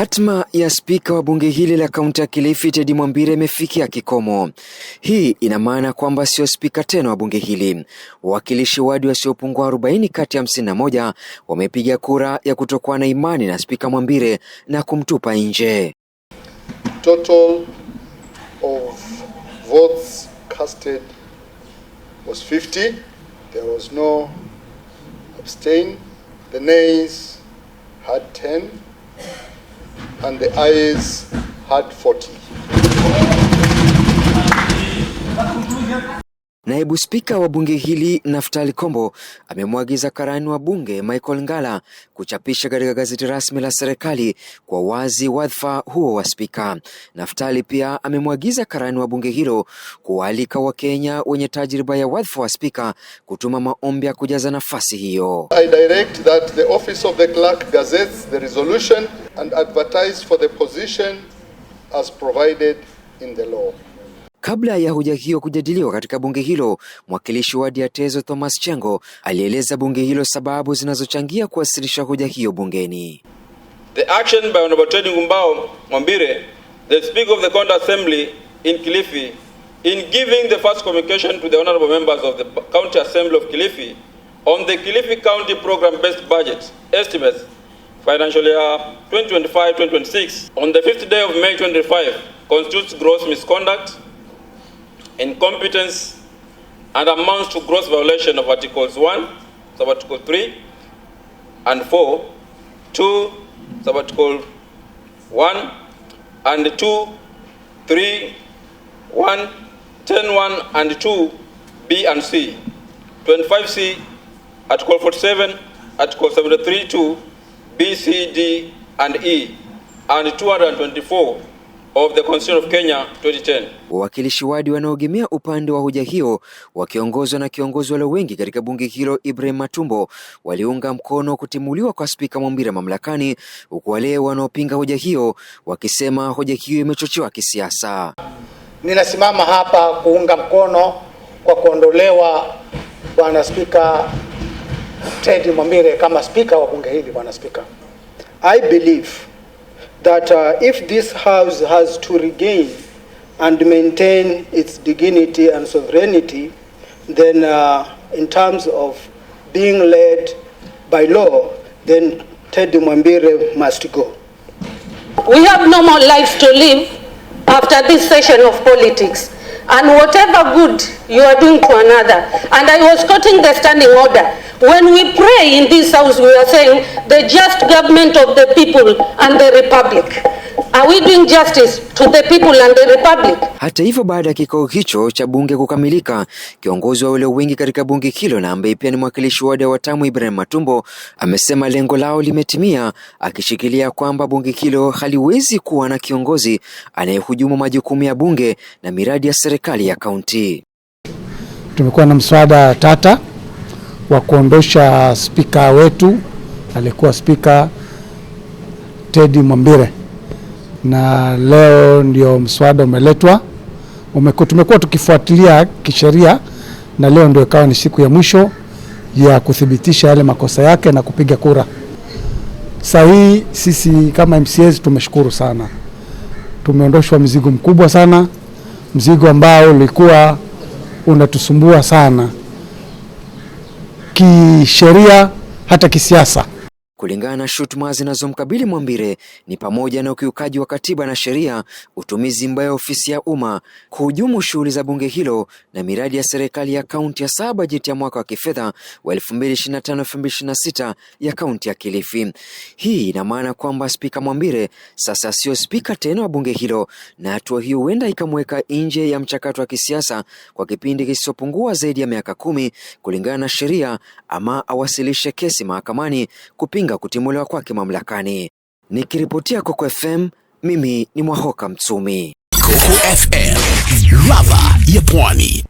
Hatma ya spika wa bunge hili la kaunti ya Kilifi Teddy Mwambire imefikia kikomo. Hii ina maana kwamba sio spika tena wa bunge hili. Wawakilishi wadi wasiopungua 40 kati ya hamsini moja wamepiga kura ya kutokuwa na imani na spika Mwambire na kumtupa nje. Total of votes casted was 50. There was no abstain. The nays had 10 and the ayes had 40. Naibu Spika wa bunge hili Naftali Kombo amemwagiza karani wa bunge Michael Ngala kuchapisha katika gazeti rasmi la serikali kwa wazi wadhifa huo wa spika. Naftali pia amemwagiza karani wa bunge hilo kuwaalika Wakenya wenye tajriba ya wadhifa wa spika kutuma maombi ya kujaza nafasi hiyo. I direct that the office of the clerk gazettes the resolution and advertise for the position as provided in the law. Kabla ya hoja hiyo kujadiliwa katika bunge hilo, mwakilishi wa wadi ya Tezo Thomas Chengo alieleza bunge hilo sababu zinazochangia kuwasilisha hoja hiyo bungeni. The action by Honorable Teddy Ngumbao Mwambire, the Speaker of the County Assembly in Kilifi, in giving the first communication to the honorable members of the County Assembly of Kilifi on the Kilifi County program based budget estimates 2023-2024 financial year 2025-2026 on the fifth day of May 25 constitutes gross misconduct, incompetence, and amounts to gross violation of Articles 1, Sub-Article 3 and 4, 2, Sub-Article 1 and 2, 3, 1, 10, 1 and 2, B and C, 25C, Article 47, Article 73, 2, B, C, D, and E and 224 of the Constitution of Kenya 2010. Wawakilishi wadi wanaoegemea upande wa hoja hiyo wakiongozwa na kiongozi walio wengi katika bunge hilo Ibrahim Matumbo waliunga mkono kutimuliwa kwa Spika Mwambire mamlakani, huku wale wanaopinga hoja hiyo wakisema hoja hiyo imechochewa kisiasa. Ninasimama hapa kuunga mkono kwa kuondolewa bwana Spika Ted Mwambire kama spika wa bunge hili. Bwana Spika, I believe that uh, if this house has to regain and maintain its dignity and sovereignty then uh, in terms of being led by law then Ted Mwambire must go. We have no more life to live after this session of politics and whatever good you are doing to another and I was quoting the standing order When we pray in this house, we are saying the just government of the people and the republic. Are we doing justice to the people and the republic? Hata hivyo, baada ya kikao hicho cha bunge kukamilika, kiongozi wa walio wengi katika bunge hilo na ambaye pia ni mwakilishi wa Watamu Ibrahim Matumbo amesema lengo lao limetimia, akishikilia kwamba bunge hilo haliwezi kuwa na kiongozi anayehujumu majukumu ya bunge na miradi ya serikali ya kaunti. Tumekuwa na mswada tata wa kuondosha spika wetu alikuwa Spika Teddy Mwambire, na leo ndio mswada umeletwa. Tumekuwa tukifuatilia kisheria, na leo ndio ikawa ni siku ya mwisho ya kuthibitisha yale makosa yake na kupiga kura. Sasa sisi kama MCAs tumeshukuru sana, tumeondoshwa mzigo mkubwa sana, mzigo ambao ulikuwa unatusumbua sana kisheria, hata kisiasa. Kulingana na shutuma zinazomkabili Mwambire ni pamoja na ukiukaji wa katiba na sheria, utumizi mbaya ofisi ya umma, kuhujumu shughuli za bunge hilo na miradi ya serikali ya kaunti ya saa bajeti ya mwaka wa kifedha wa 2025/2026 ya kaunti ya Kilifi. Hii ina maana kwamba Spika Mwambire sasa sio spika tena wa bunge hilo, na hatua hiyo huenda ikamweka nje ya mchakato wa kisiasa kwa kipindi kisichopungua zaidi ya miaka kumi kulingana na sheria, ama awasilishe kesi mahakamani kupinga kupinga kutimuliwa kwake mamlakani. Nikiripotia Coco FM, mimi ni Mwahoka Mtsumi. Coco FM, ladha ya Pwani.